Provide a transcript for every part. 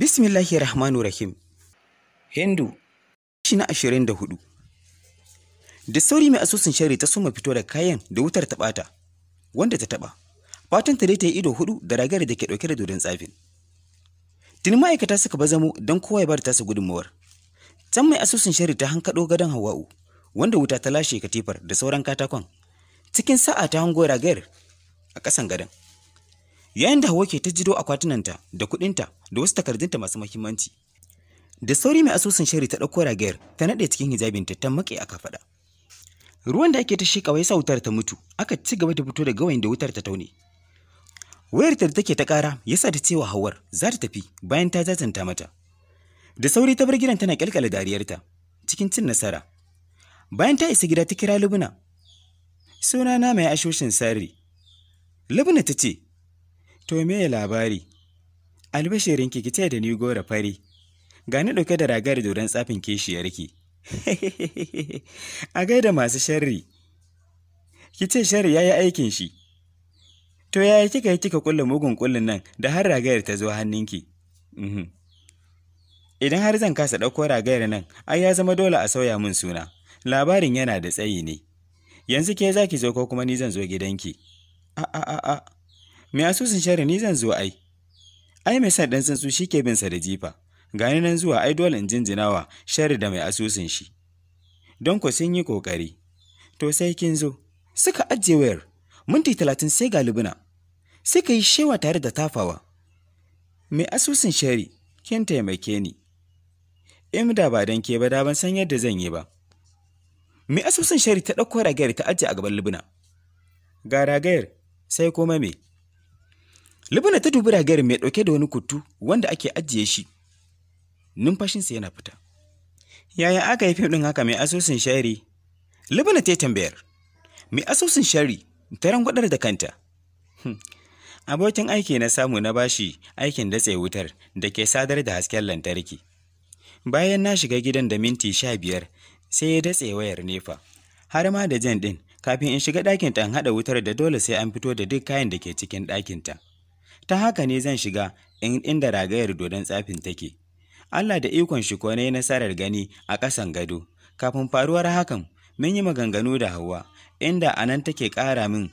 Bismillahi Rahmanu Rahim. Hindu. Shi na ashirin da hudu. Da sauri mai asusun shari ta suma fito da kayan da wutar ta ɓata, wanda ta taɓa. Fatan ta dai ta yi ido hudu da ragar da ke ɗauke da dodon tsafin. Tuni ma'aikata suka bazamo don kowa ya bar tasa gudunmawar. Can mai asusun shari ta hankaɗo gadon Hawa'u, wanda wuta ta lashe katifar da sauran katakon. Cikin sa'a ta hango ragar a ƙasan gadon. yayin da hawa ke ta jido akwatunanta da kuɗinta da wasu takardunta masu muhimmanci da sauri mai asusun shari ta ɗauko ragayar ta naɗe cikin hijabinta ta maƙe aka faɗa ruwan da ake ta sheƙawa ya sa wutar ta mutu aka ci gaba da fito da gawayin da wutar ta taune wayar ta da take ta ƙara yasa sa ta cewa hawar za ta tafi bayan ta jajanta mata da sauri ta bar gidan tana ƙyalƙyala dariyarta cikin cin nasara bayan ta isa gida ta kira lubuna sunana mai ashoshin sari lubuna ta ce To me labari? Albashirinki ki ce da ni gora fari. Gani ɗauke da ragar dodon tsafin kishiyarki. A gaida masu sharri. Ki ce sharri ya yi aikin shi. To yaya kika yi kika kulle mugun kullun nan da har ragayar ta zo hannunki? Mhm. Idan har zan kasa ɗauko ragayar nan, ai ya zama dole a sauya mun suna. Labarin yana da tsayi ne. Yanzu ke za ki zo ko kuma ni zan zo gidanki. A'a a'a. Mai asusun shari ni zan zo ai. Ai mai san ɗan tsuntsu shi ke bin sa da jifa. Gani nan zuwa ai dole in jinjinawa shari da mai asusun shi. Don ku sun yi kokari To sai kin zo. Suka ajiye wayar. Minti talatin sai galibuna Sai ka yi shewa tare da tafawa. Mai asusun shari, kin taimake ni. In da ba don ke ba da ban san yadda zan yi ba. Mai asusun shari ta ɗauko ragayar ta ajiye a gaban libina. Ga ragayar sai kuma me? Libana ta dubi ragayar mai ɗauke da wani kutu wanda ake ajiye shi. Numfashinsa yana fita. Yaya aka yi fim ɗin haka mai asusun shari? Libana ta yi tambayar. Mai asusun shari ta rangwadar da kanta. Hm, abokin aiki na samu na bashi aikin datse wutar da ke sadar da hasken lantarki. Bayan na shiga gidan da minti sha biyar sai ya datse wayar nefa. Har ma da jan ɗin kafin in shiga ɗakinta in haɗa wutar da dole sai an fito da duk kayan da ke cikin ta ta haka ne zan shiga inda ragayar dodon tsafin take Allah da ikon shi ko ne nasarar gani a ƙasan gado kafin faruwar hakan mun yi maganganu da Hauwa inda a nan take ƙara min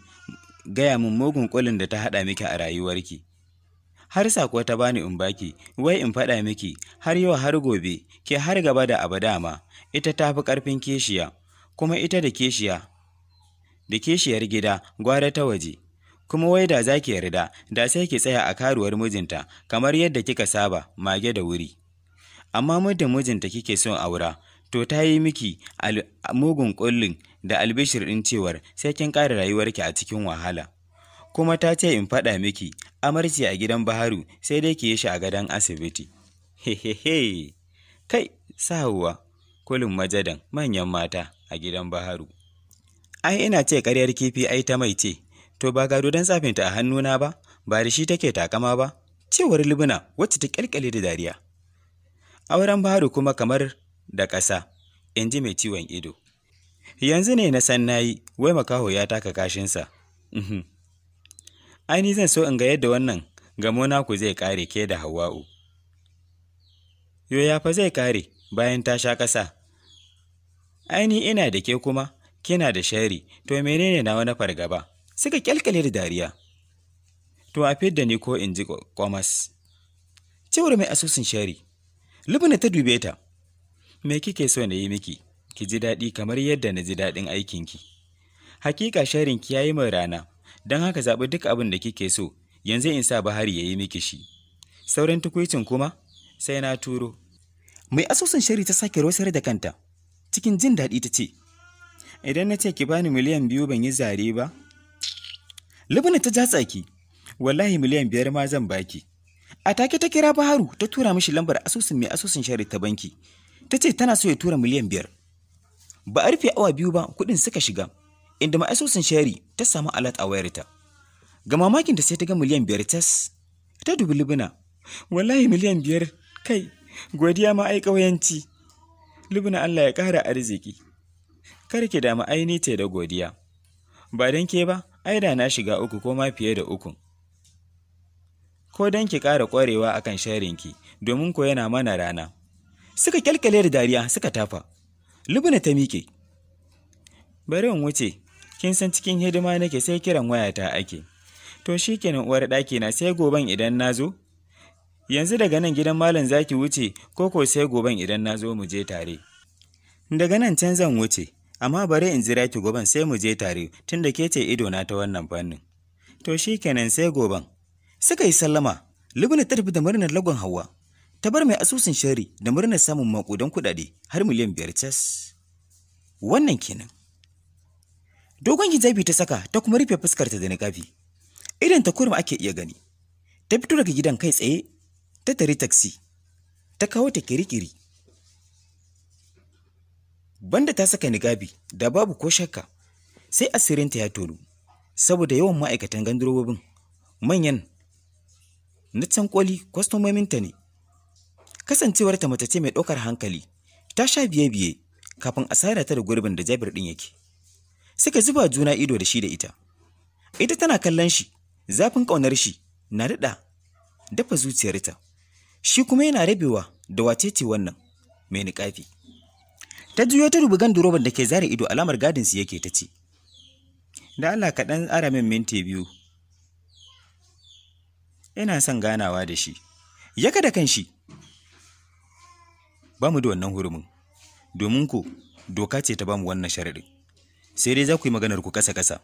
gaya min mugun ƙulin da ta haɗa miki a rayuwarki har sako ta bani in baki wai in faɗa miki har yau har gobe ke har gaba da abada ma ita ta fi ƙarfin keshiya kuma ita da keshiya da keshiyar gida gwara ta waje kuma wai da zaki yarda da sai ki tsaya a karuwar mijinta kamar yadda kika saba mage da wuri amma muddin mijinta kike son aura to ta yi miki mugun kullin da albishir din cewar sai kin ƙara rayuwarki a cikin wahala kuma ta ce in faɗa miki amarci a gidan baharu sai dai ki yi shi a gadon asibiti hehehe kai sahuwa kulin majadan manyan mata a gidan baharu ai ina ce ƙaryar kifi ai ta mai ce to ba gado don tsafinta a hannuna ba ba da shi take takama ba cewar libina wacce ta kyalkyale da dariya auren baro kuma kamar da ƙasa in ji mai ciwon ido yanzu ne na san nayi wai makaho ya taka kashinsa mhm. Aini zan so in ga yadda wannan gamona ku zai kare ke da hawa'u yo ya fa zai kare bayan ta sha ƙasa aini ina da ke kuma kina da shari to menene na wani fargaba suka kyalkyale da dariya. To a da ni ko in ji kwamas. Cewar mai asusun shari, Lubna ta dube ta, me kike so na yi miki, ki ji daɗi kamar yadda na ji daɗin aikinki. Hakika sharinki ya yi mai rana, don haka zaɓi duk abin da kike so, yanzu in sa Bahari ya yi miki shi. Sauran tukwicin kuma, sai na turo. Mai asusun shari ta sake rosar da kanta, cikin jin daɗi ta ce, Idan na ce ki bani miliyan biyu ban yi zare ba, Libna ta ja tsaki, wallahi miliyan biyar ma zan baki. A take ta kira Baharu ta tura mishi lambar asusun mai asusun shari ta banki. Ta ce tana so ya tura miliyan biyar. Ba a rufe awa biyu ba kuɗin suka shiga, inda ma asusun shari ta samu alat a wayarta. Ga mamakin da sai ta ga miliyan biyar tas, ta dubi Libna. Wallahi miliyan biyar kai godiya ma ai ƙauyanci. Libna Allah ya ƙara arziki. Kar ki damu aini ce da godiya. Ba don ke ba, ai da na shiga uku ko ma fiye da uku. Ko don ki ƙara ƙwarewa akan sharinki, domin ko yana mana rana. Suka kyalkyale da dariya suka tafa. lubuna ta miƙe. Bari in wuce, kin san cikin hidima nake sai kiran wayata ake. To shi kenan uwar ɗaki na sai goben idan na zo? Yanzu daga nan gidan malam zaki wuce ko ko sai goben idan na zo mu je tare. Daga nan can zan wuce. amma bari in jira ki goban sai mu je tare tunda ke ce na ta wannan fannin. To shi kenan sai goban. Suka yi sallama, Lubna ta tafi da murnar lagon Hauwa, ta bar mai asusun shari da murnar samun makudan kuɗaɗe har miliyan biyar cas. Wannan kenan. Dogon hijabi ta saka ta kuma rufe fuskarta da niƙafi. Idan ta kurma ake iya gani. Ta fito daga gidan kai tsaye, ta tari taksi, ta kawo ta kirikiri. Banda ta saka nigabi da babu ko shakka sai asirinta ya tolu. saboda yawan ma'aikatan gandurobin manyan na can koli kwastomominta ne. Kasancewarta mace ce mai ɗaukar hankali ta sha biye-biye kafin a tsara ta da gurbin da Jabir ɗin yake. Suka zuba juna ido da shi da ita. Ita tana kallon shi, zafin ƙaunar shi na daɗa dafa zuciyarta. Shi kuma yana rabewa da wacece wannan mai niƙafi. ta juyo ta dubi ganduroban da ke zare ido alamar gadin su yake ta ce da Allah ka dan ara min minti biyu ina son ganawa da shi ya kada kan shi ba mu da wannan hurumin domin ku doka ce ta ba mu wannan sharaɗin sai dai za ku yi maganar ku kasa kasa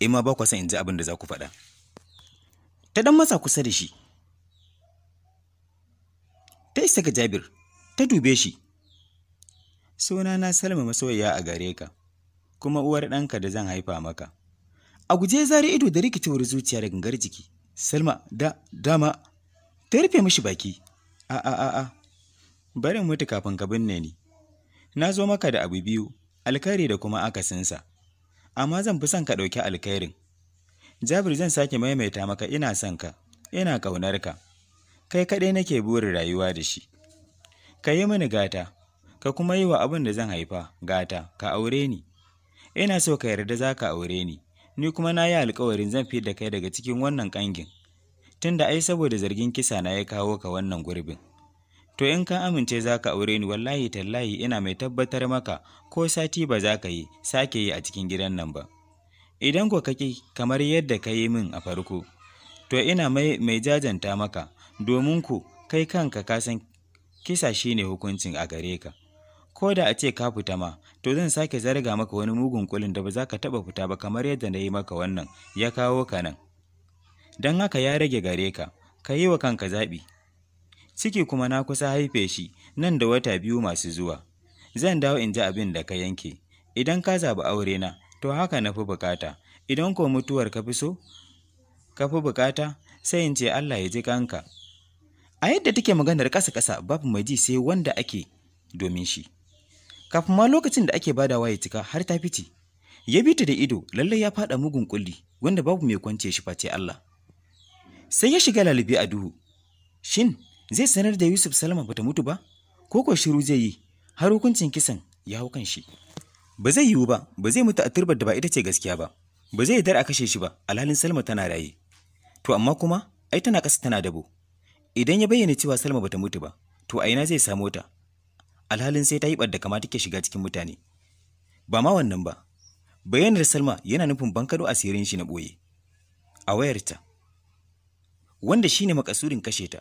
in ma ba ku san in ji abin da za ku faɗa ta ɗan masa kusa da shi ta isa ga jabir ta dube shi Suna na Salma masoyiya a gare ka, kuma uwar ɗanka da zan haifa maka. A guje zari ido da rikicewar zuciya da gangar jiki, Salma da dama ta rufe mishi baki, a a a a, barin mutu kafin ka binne ni. Na zo maka da abu biyu, alkhairi da kuma akasinsa, amma zan fi son ka ɗauki alkhairin. Jabir zan sake maimaita maka ina son ka, ina ƙaunar ka, kai kaɗai nake burin rayuwa da shi. Ka yi mini gata, ka kuma yi wa abin da zan haifa gata ka aure ni ina so ka yarda za ka aure ni ni kuma na yi alkawarin zan fi da kai daga cikin wannan ƙangin tunda ai saboda zargin kisa na ya kawo ka wannan gurbin to in ka amince za ka aure ni wallahi tallahi ina mai tabbatar maka ko sati ba za ka yi sake yi a cikin gidan nan ba idan ko kake kamar yadda ka yi min a farko to ina mai, mai jajanta maka domin ku kai kanka kasan kisa shine hukuncin a gare ka ko da a ce ka fita ma to zan sake zarga maka wani mugun kulin da ba za ka taɓa fita ba kamar yadda na yi maka wannan ya kawo ka nan don haka ya rage gare ka ka yi wa kanka zaɓi ciki kuma na kusa haife shi nan da wata biyu masu zuwa zan dawo in ji abin da ka yanke idan ka zaɓi aure na to haka na fi bukata idan ko mutuwar ka fi so ka fi bukata sai in ce Allah ya ji kanka a yadda take maganar ƙasa kasa babu Maji ji sai wanda ake domin shi kafin ma lokacin da ake bada waye cika har ta fice ya bi ta da ido lallai ya faɗa mugun kulli wanda babu mai kwance shi face Allah sai ya shiga lalibi a duhu shin zai sanar da Yusuf Salma bata mutu ba ko ko shiru zai yi har hukuncin kisan ya hau kan shi ba zai yiwu ba ba zai mutu a turbar da ba ita ce gaskiya ba ba zai dar a kashe shi ba alhalin Salma tana raye to amma kuma ai tana kasa tana dabo idan ya bayyana cewa Salma bata mutu ba to a ina zai samo ta alhalin sai ta yi ɓadda kama take shiga cikin mutane ba ma wannan ba bayanar salma yana nufin bankado asirin shi na ɓoye a wayarta wanda shi ne makasurin kashe ta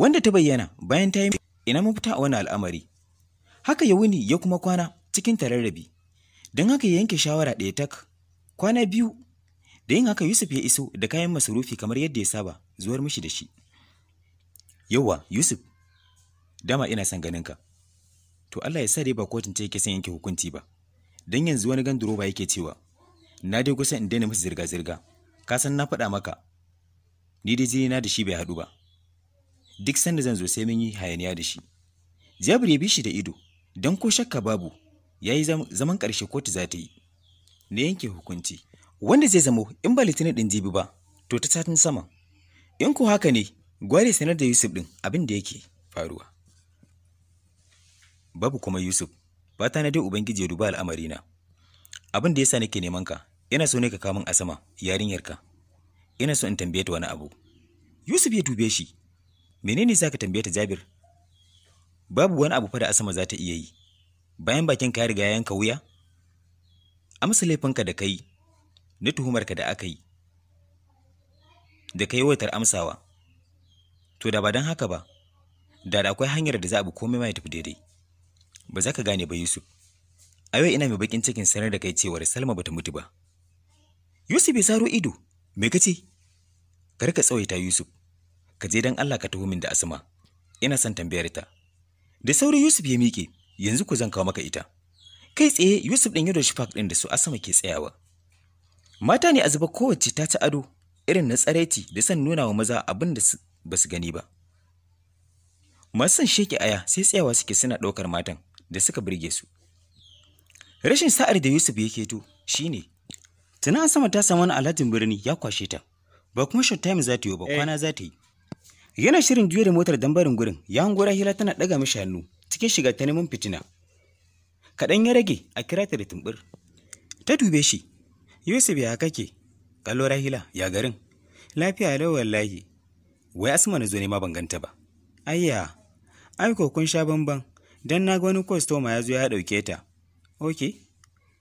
wanda ta bayyana bayan ta yi ina mafita a wani al'amari haka ya wuni ya kuma kwana cikin tararrabi don haka ya yanke shawara ɗaya tak kwana biyu da yin haka yusuf ya iso da kayan masarufi kamar yadda ya saba zuwar mishi da shi yauwa yusuf dama ina son ganinka to Allah ya sa dai ba kotun ce yake son yanke hukunci ba dan yanzu wani ba yake cewa na dai kusa in daina musu zirga zirga ka san na faɗa maka ni dai jini na da shi bai haɗu ba duk sanda zan zo sai mun yi hayaniya da shi Jabir ya bi shi da ido dan ko shakka babu yayi zaman ƙarshe kotu za ta yi na yanke hukunci wanda zai zamo in ba litinin din jibi ba to ta satin sama in ko haka ne gware sanar da Yusuf ɗin abin da yake faruwa babu kuma Yusuf fata na dai ubangiji ya duba al'amarina abin da yasa nake neman ka ina so ne ka kamun min a sama yarinyarka ina so in tambaye ta wani abu Yusuf ya dube shi menene zaka tambaye ta Jabir babu wani abu fa da Asama za ta iya yi bayan bakin ka riga yanka wuya amsa laifin ka da kai na ka da aka yi da kai waitar amsawa to da ba don haka ba da akwai hanyar da za a bi komai ma ya tafi daidai ba za ka gane ba Yusuf. A yau ina mai bakin cikin sanar da kai cewar Salma bata mutu ba. Yusuf ya saro ido, me kace? Kar ka tsawaita Yusuf. Ka je dan Allah ka taho min da Asma. Ina son tambayar ta. Da sauri Yusuf ya miƙe, yanzu ku zan kawo maka ita. Kai tsaye Yusuf ɗin yadda fak ɗin da su Asma ke tsayawa. Mata ne a zuba kowace ta ci ado irin na tsaraici da son nuna wa maza abin da ba su gani ba. Masu son sheke aya sai tsayawa suke suna ɗaukar matan da suka burge su rashin sa'ar da yusuf ya keto tuna an sama ta samu alhatin birni ya kwashe ta ba kuma short time za ta yi ba eh. kwana za ta yi yana shirin juya da motar don barin gurin ya hango rahila tana ɗaga mishi hannu cikin shiga ta neman fitina kaɗan ya rage a kira ta da tumbur ta dube shi yusuf ya kake kallo rahila ya garin lafiya lau wallahi wai asma na zo ne ma ban ganta ba ayya ai kun sha bamban don na ga wani kwastoma ya zo ya ɗauke ta. Ok,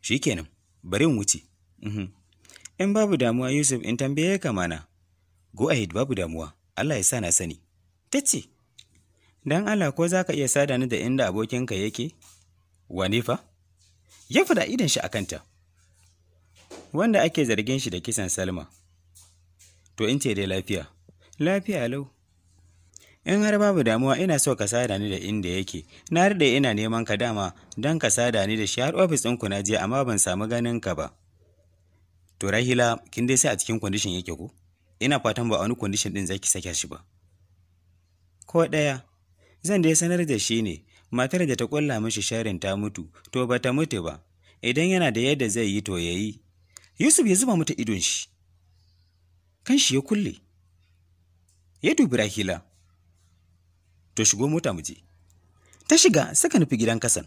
shi kenan, bari in wuce. Mhm. In babu damuwa Yusuf in tambaye ka mana. Go ahead babu damuwa, Allah ya sa na sani. Ta ce, Don Allah ko za ka iya sada ni da inda abokinka yake? Wane fa? Ya fada idan shi a kanta. Wanda ake zargin shi da kisan Salma. To in ce dai lafiya. Lafiya lau. In har babu damuwa ina so ka sada ni da inda yake. Na rida ina neman ka dama don ka sada ni da shi har ofis ɗinku na jiya amma ban samu ganin ka ba. To Rahila, kin dai sai a cikin kwandishin yake ku. Ina fatan ba a wani kwandishin ɗin zaki sake shi ba. Ko ɗaya, zan dai sanar da shi ne, matar da ta ƙulla mishi sharin ta mutu, to ba ta mutu ba. Idan yana da yadda zai yi to ya yi. Yusuf ya zuba mata idon shi. Kan shi ya kulle. Ya dubi Rahila, To shigo mota mu je. Ta shiga saka nufi gidan Kasan.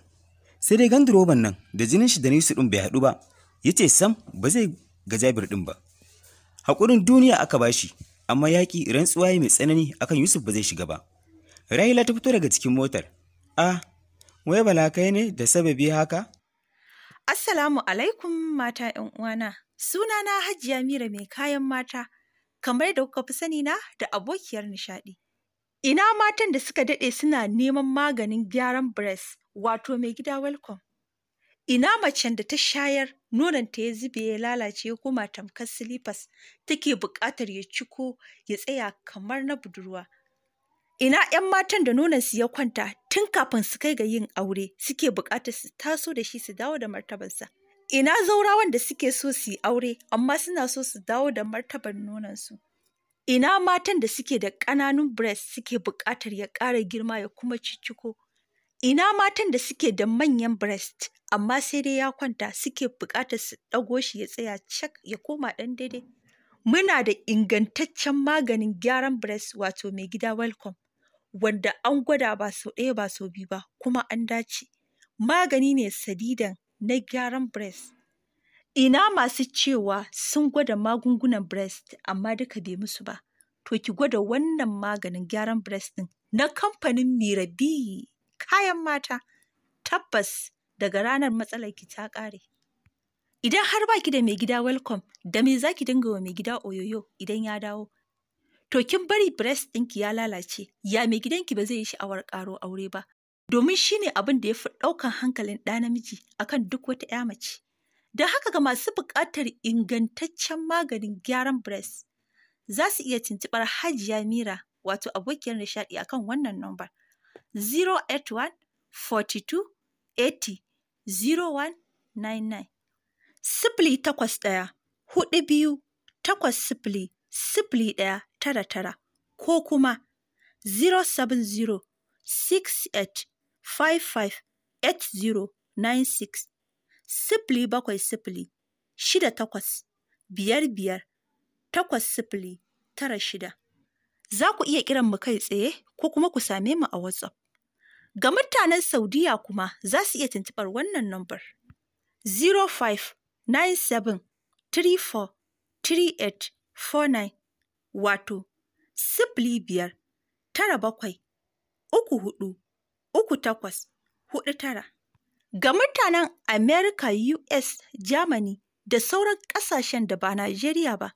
Sai dai gandiroban nan da jinin shi da nisu ɗin bai haɗu ba, ya ce sam ba zai ga Jabir ɗin ba. Haƙurin duniya aka bashi, amma yaƙi rantsuwa mai tsanani akan Yusuf ba zai shiga ba. Rahila ta fito daga cikin motar. A wai bala kai ne da sababi haka? Assalamu alaikum mata ‘yan uwana. Sunana Hajiya Mira mai kayan mata, kamar da kuka fi sani na da abokiyar nishaɗi. Ina matan da suka daɗe suna neman maganin gyaran breast wato mai gida welcome? Ina macen da ta shayar nononta ya zube ya lalace ya koma tamkar silifas take buƙatar ya ciko ya tsaya kamar na budurwa. Ina ‘yan matan da nononsu ya kwanta tun kafin su kai ga yin aure suke buƙatar su taso da shi su dawo da martabarsa. Ina zaurawan da suke so su yi aure amma suna so su dawo da martabar nonansu. ina matan da suke da ƙananun breast suke buƙatar ya ƙara girma ya kuma cicciko ina matan da suke da manyan breast amma sai dai ya kwanta suke buƙatar su ɗago shi ya tsaya cak ya koma ɗan daidai muna da ingantaccen maganin gyaran breast wato mai gida welcome wanda an gwada ba sau ɗaya ba sau biyu ba kuma an dace magani ne sadidan na gyaran breast Ina masu cewa sun gwada magungunan breast amma duka bai musu ba, to ki gwada wannan maganin gyaran breast ɗin na kamfanin Mirabi kayan mata, tabbas daga ranar matsalar ki ta kare Idan har ba ki da mai gida welcome, da me zaki dinga wa mai gida oyoyo idan ya dawo? To kin bari breast ɗinki ya lalace, ya mai gidanki ba zai yi sha'awar karo aure ba, domin shi ne abin da ya fi ɗaukan hankalin ɗa namiji akan duk wata ‘ya mace. Da haka ga masu buƙatar ingantaccen maganin gyaran breast za su iya tuntuɓar Hajiya Mira wato abokiyar nishaɗi akan wannan nombar 081 42 80 0199 sifili takwas ɗaya hudu biyu takwas sifili sifili ɗaya tara tara ko kuma 070 68 55 8096 sifili bakwai sifili shida takwas biyar biyar takwas sifili tara shida. Za ku iya kiran mu kai tsaye ko kuma ku same mu a WhatsApp. Ga mutanen Saudiya kuma za su iya tuntuɓar wannan nambar three-eight-four-nine, wato sifili biyar tara bakwai uku hudu uku takwas hudu tara. Ga mutanen Amerika, US, Germany da sauran ƙasashen da ba Najeriya ba,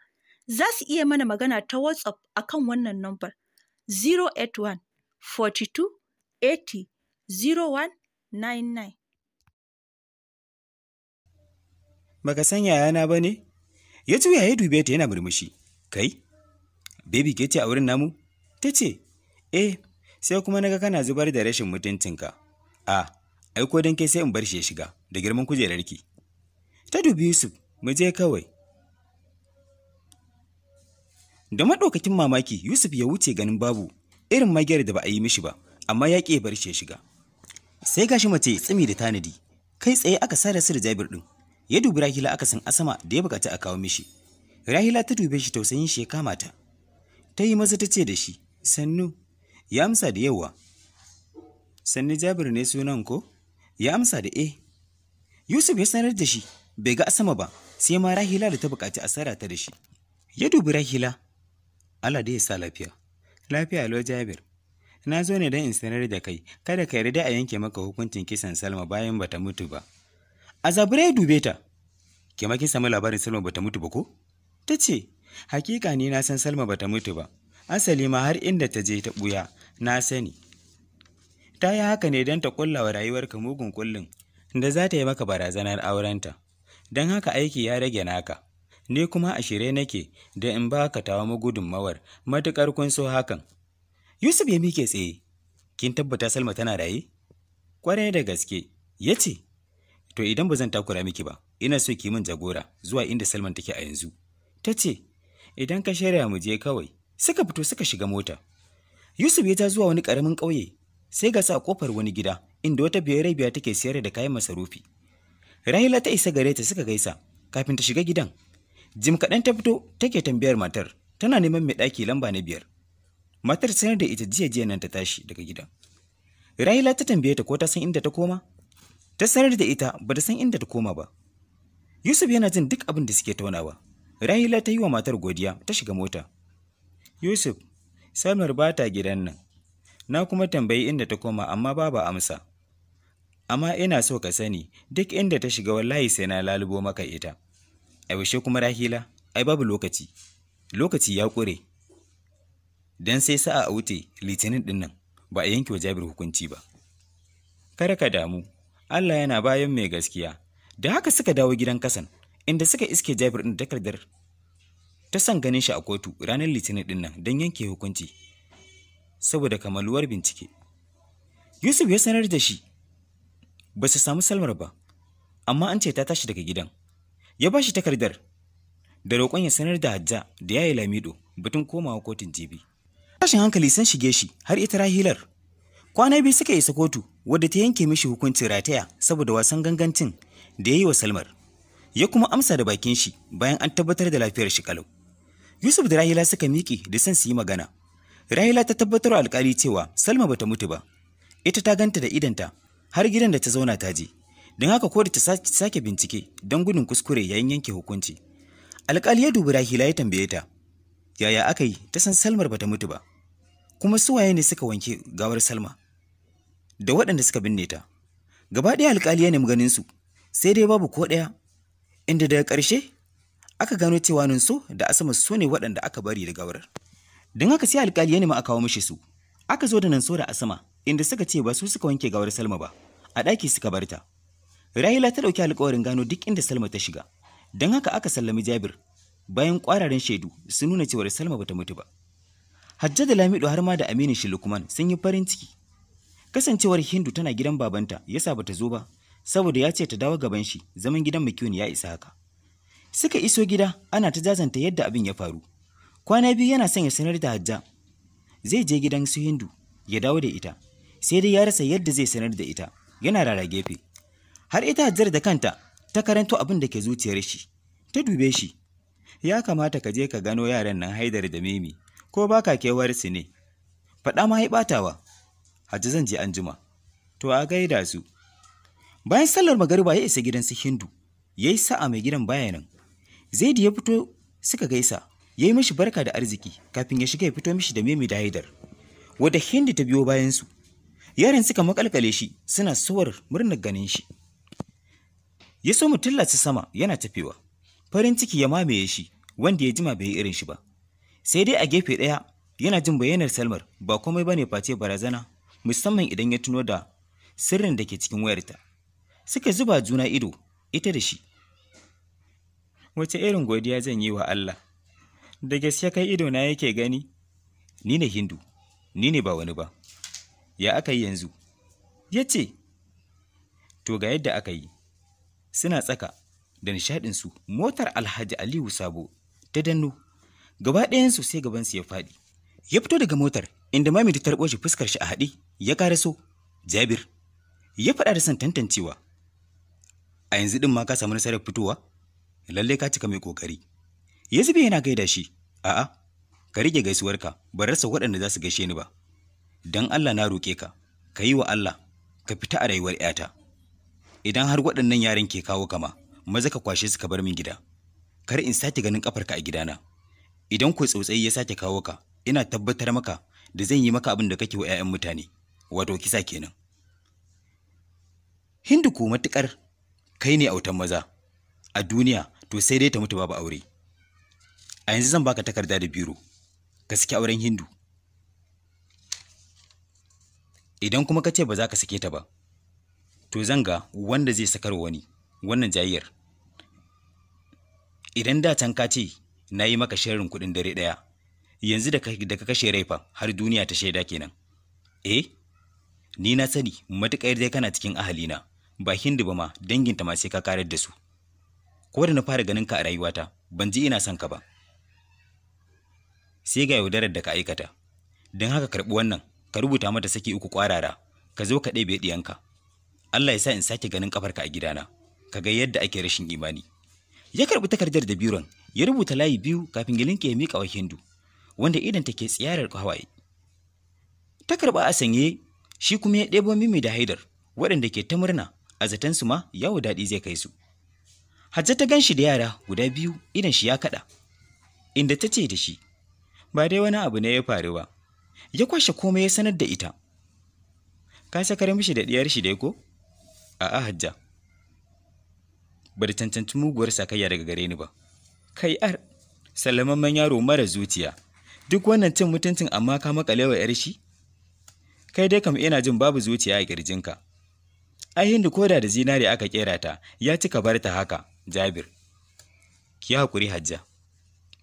za su iya mana magana ta WhatsApp a kan wannan nambar 081 42 80 0199. Baka san yayana ba ne? Ya juya ya dube ta yana murmushi. Kai, baby ke ce a wurin namu? Ta ce, eh, sai kuma naga kana zubar da rashin mutuncinka. A, ah, ai ko don kai sai in bar shi ya shiga da girman kujerarki ta dubi yusuf mu je kawai da maɗaukakin mamaki yusuf ya wuce ganin babu irin magiyar da ba a yi mishi ba amma ya ƙi bar shi ya shiga sai gashi mace tsimi da tanadi kai tsaye aka sare su da jabir ɗin ya dubi rahila aka san asama da ya bukata a kawo mishi rahila ta dube shi tausayin shi ya kama ta ta yi maza ta ce da shi sannu ya amsa da yawa sannu jabir ne sunan ko ya amsa da eh yusuf ya sanar da shi bai ga asama ba sai ma rahila da ta bukaci a ta da shi ya dubi rahila allah da ya sa lafiya lafiya lo jabir na zo ne don in sanar da kai kada ka yarda a yanke maka hukuncin kisan salma bayan bata mutu ba a zabura ya dube ta ke ma kin samu labarin salma bata mutu ba ko ta ce hakika ni na san salma bata mutu ba asali ma har inda ta je ta buya na sani Ta yi haka ne don ta ƙulla wa rayuwarka mugun ƙullin da za ta yi maka barazanar aurenta. Don haka aiki ya rage naka. Ni kuma a shirye nake da in ba ka tawa magudunmawar matuƙar kun so hakan. Yusuf ya mike tsaye. Kin tabbata Salma tana raye? Ƙwarai da gaske. Ya ce, To idan ba zan takura miki ba, ina so ki min jagora zuwa inda Salman take a yanzu. Ta ce, Idan ka shirya mu je kawai, suka fito suka shiga mota. Yusuf ya ta zuwa wani ƙaramin ƙauye sai ga sa kofar wani gida inda wata biyarabiya take siyar da kayan masarufi rahila ta isa gare ta suka gaisa kafin ta shiga gidan jim kaɗan ta fito take tambayar matar tana neman mai ɗaki lamba na biyar matar sanar da ita jiya jiya nan ta tashi daga gidan rahila ta tambaye ta ko ta san inda ta koma ta sanar da ita ba ta san inda ta koma ba yusuf yana jin duk abin da suke taunawa rahila ta yi wa matar godiya ta shiga mota yusuf samar ba ta gidan nan na kuma tambayi inda ta koma amma babu amsa. Amma ina so ka sani duk inda ta shiga wallahi sai na lalubo maka ita. Yaushe kuma rahila, ai babu lokaci, lokaci ya ƙure. Don sai sa'a a wuce litinin ɗin nan ba a yanke wa Jabir hukunci ba. Kar ka damu, Allah yana bayan mai gaskiya. Da haka suka dawo gidan kasan, inda suka iske Jabir ɗin takardar ta san ganin shi a kotu ranar litinin ɗin nan don yanke hukunci. saboda kamaluwar bincike. Yusuf ya sanar da shi, ba su samu salmar ba, amma an ce ta tashi daga gidan. Ya ba shi takardar, da roƙon ya sanar da hajja da ya yi lamido batun komawa kotun jibi. Tashin hankali sun shige shi har ita rahilar. Kwana biyu suka isa kotu wadda ta yanke mishi hukuncin rataya saboda wasan gangancin da ya yi wa Salmar. Ya kuma amsa da bakin shi bayan an tabbatar da lafiyar shi kalau. Yusuf da Rahila suka miƙe da son su yi magana, Rahila ta tabbatar alƙali cewa Salma bata mutu ba. Ita ta ganta da idanta har gidan da ta zauna ta je. Don haka ko da ta sake bincike don gudun kuskure yayin yanke hukunci. alƙali ya dubi Rahila ya tambaye ta. Yaya aka yi ta san Salmar bata mutu ba? Kuma su waye ne suka wanke gawar Salma? Da waɗanda suka binne ta. Gaba ɗaya alƙali ya nemi ganin su. Sai dai babu ko ɗaya inda daga ƙarshe aka gano cewa Nunso da Asama su ne waɗanda aka bari da gawar. don haka sai alkali ya nemi a kawo mishi su aka zo da nan sora a sama inda suka ce ba su suka wanke gawar salma ba a ɗaki suka bar ta rahila ta ɗauki alkawarin gano duk inda salma ta shiga don haka aka sallami jabir bayan ƙwararen shaidu sun nuna cewar salma bata mutu ba hajja da lamido har ma da Aminu shi lukman sun yi farin ciki kasancewar hindu tana gidan babanta yasa bata zo ba saboda ya ce ta dawo gaban shi zaman gidan mukiyun ya isa haka suka iso gida ana ta jazanta yadda abin ya faru kwana biyu yana son ya sanar da hajja zai je gidan su hindu ya dawo da ita sai dai ya rasa yadda zai sanar da ita yana rara gefe har ita hajjar da kanta ta karanto abin da ke zuciyar shi ta dube shi ya kamata ka je ka gano yaran nan haidar da mimi ko ba ka kewar su ne faɗa ma batawa hajji zan je an jima to a gaida su bayan sallar magariba ya isa gidan su hindu ya yi sa'a mai gidan bayanan zaidi ya fito suka gaisa ya yi mishi barka da arziki kafin ya shiga ya fito mishi da memi da haidar wadda hindi ta biyo bayansu yaran suka makalkale shi suna suwar murnar ganin shi ya so mutum lati sama yana tafewa farin ciki ya mamaye shi wanda ya jima bai yi irin shi ba sai dai a gefe ɗaya yana jin bayyanar salmar ba komai ne face barazana musamman idan ya tuno da sirrin da ke cikin wayarta suka zuba juna ido ita da shi wace irin godiya zan yi wa Allah da gaske kai ido na yake gani ni ne hindu ni ne ba wani ba ya aka yi yanzu ya ce to ga yadda aka yi suna tsaka da su motar alhaji aliyu sabo ta danno gaba ɗayansu sai gabansu ya faɗi ya fito daga motar inda mami ta tarɓo shi fuskar shi a haɗe ya so jabir ya faɗa da son tantancewa a yanzu ɗin ma ka samu nasarar fitowa lallai ka cika mai ƙoƙari ya zube yana gaida shi a'a ka rike ka ba rasa waɗanda za su gaishe ni ba don Allah na roƙe ka ka yi wa Allah ka fita a rayuwar 'yata idan har waɗannan yaran ke kawo kama maza ka kwashe su ka bar min gida kar in sake ganin ƙafarka a gidana idan ku tsautsayi ya sake kawo ka ina tabbatar maka da zan yi maka abin da kake wa 'ya'yan mutane wato kisa kenan hindu ko matukar kai ne autan maza a duniya to sai dai ta mutu babu aure a yanzu zan baka takarda da biro ka saki auren hindu idan kuma ka ce ba za ka sake ta ba to zan ga wanda zai sakar wani wannan jayyar idan da can ka ce na yi maka sharrin kuɗin dare ɗaya yanzu da ka kashe raifa har duniya ta shaida kenan eh ni na sani matuƙar dai kana cikin ahalina ba hindu ba ma danginta ma sai ka karar da su ko da na fara ganin ka a rayuwata ban ji ina son ka ba sai ga yaudarar da ka aikata don haka karɓi wannan ka rubuta mata saki uku kwarara ka zo ka ɗebe ɗiyanka Allah ya sa in sake ganin ƙafarka a gidana ka ga yadda ake rashin imani ya karɓi takardar da biron ya rubuta layi biyu kafin gilinka ya miƙa wa hindu wanda idan take tsiyarar hawaye ta karɓa a sanye shi kuma ya ɗebo mimi da haidar waɗanda ke ta murna a zaton su ma yawo daɗi zai kai su hajja ta gan shi da yara guda biyu idan shi ya kaɗa inda ta ce da shi ba dai wani abu ne ya faru ba ya kwashe komai ya sanar da ita ka sakar mishi da diyar shi dai ko a'a hajja bari cancanci muguwar sakayya daga gare ni ba kai ar sallamamman yaro mara zuciya duk wannan cin mutuncin amma ka makale wa yar shi kai dai kam ina jin babu zuciya a ƙirjinka. ayin da koda da zinari aka kera ta ya cika bar ta haka jabir ki hakuri hajja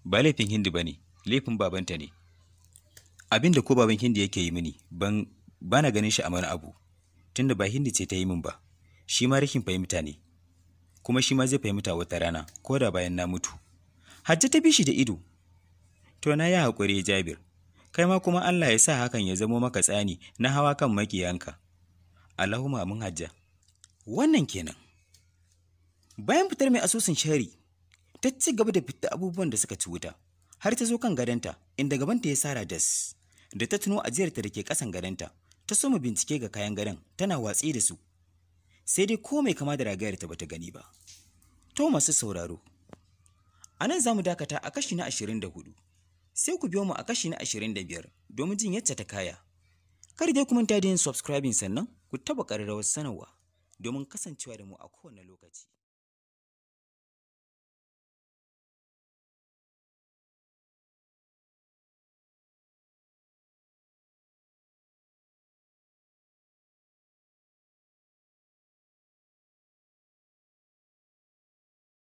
ba laifin hindi ne. laifin babanta ne abin da ko baban hindi yake yi mini ban bana ganin shi a mana abu tunda ba hindi ce ta yi min ba shi ma rikin fahimta ne kuma shi ma zai fahimta wata rana ko da bayan na mutu hajji ta bi shi da ido to na ya haƙuri jabir kai ma kuma Allah ya sa hakan ya zamo maka tsani na hawa kan makiyanka Allahumma amin hajja wannan kenan bayan fitar mai asusun shari ta ci gaba da fita abubuwan da suka ci wuta har ta zo kan gadonta inda gabanta ya sara das da ta tuno ajiyarta da ke kasan gadonta ta so mu bincike ga kayan gadon tana watsi da su sai dai ko mai kama da ragayarta bata gani ba to masu sauraro a nan za mu dakata a kashi na ashirin da hudu sai ku biyo mu a kashi na ashirin da biyar domin jin yadda ta kaya kar dai ku manta da yin subscribing sannan ku taba ƙararrawar sanarwa domin kasancewa da mu a kowane lokaci